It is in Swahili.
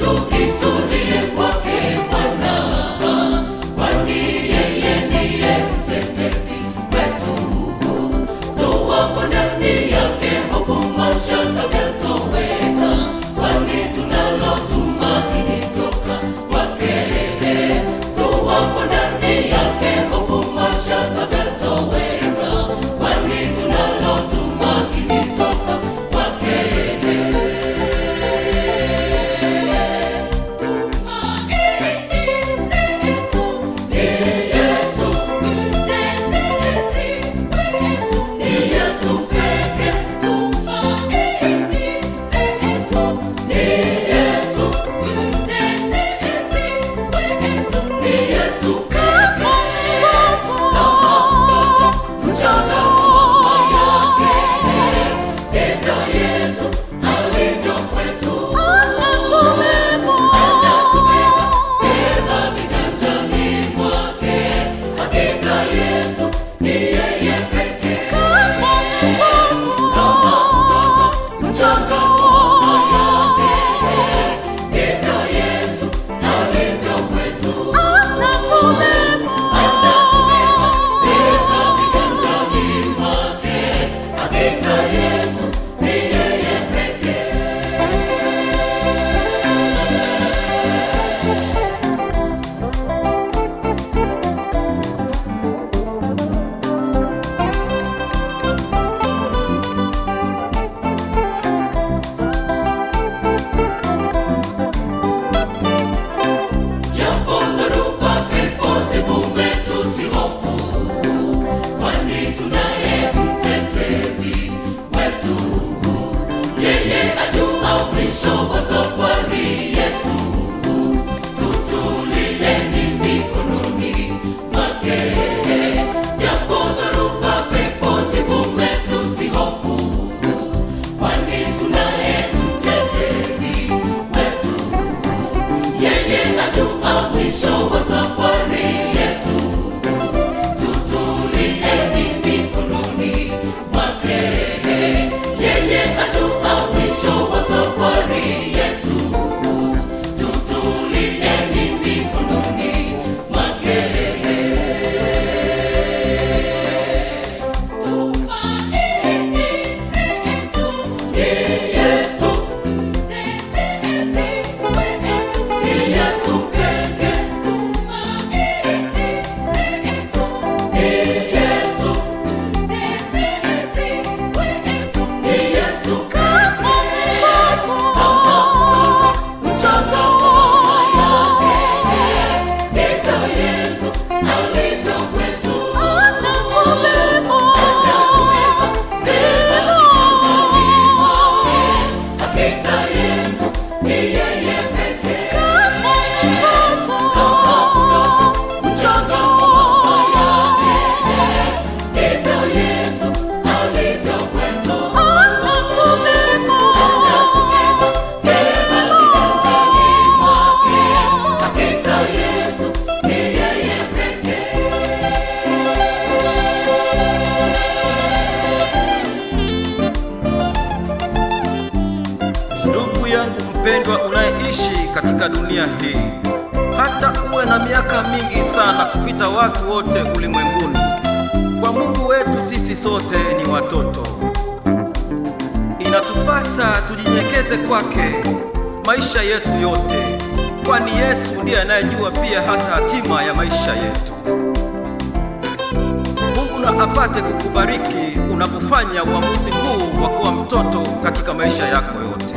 kitu kitu katika dunia hii. Hata uwe na miaka mingi sana kupita watu wote ulimwenguni, kwa Mungu wetu sisi sote ni watoto. Inatupasa tujinyekeze kwake maisha yetu yote, kwani Yesu ndiye anayejua pia hata hatima ya maisha yetu. Mungu na apate kukubariki unapofanya uamuzi huu wa kuwa mtoto katika maisha yako yote.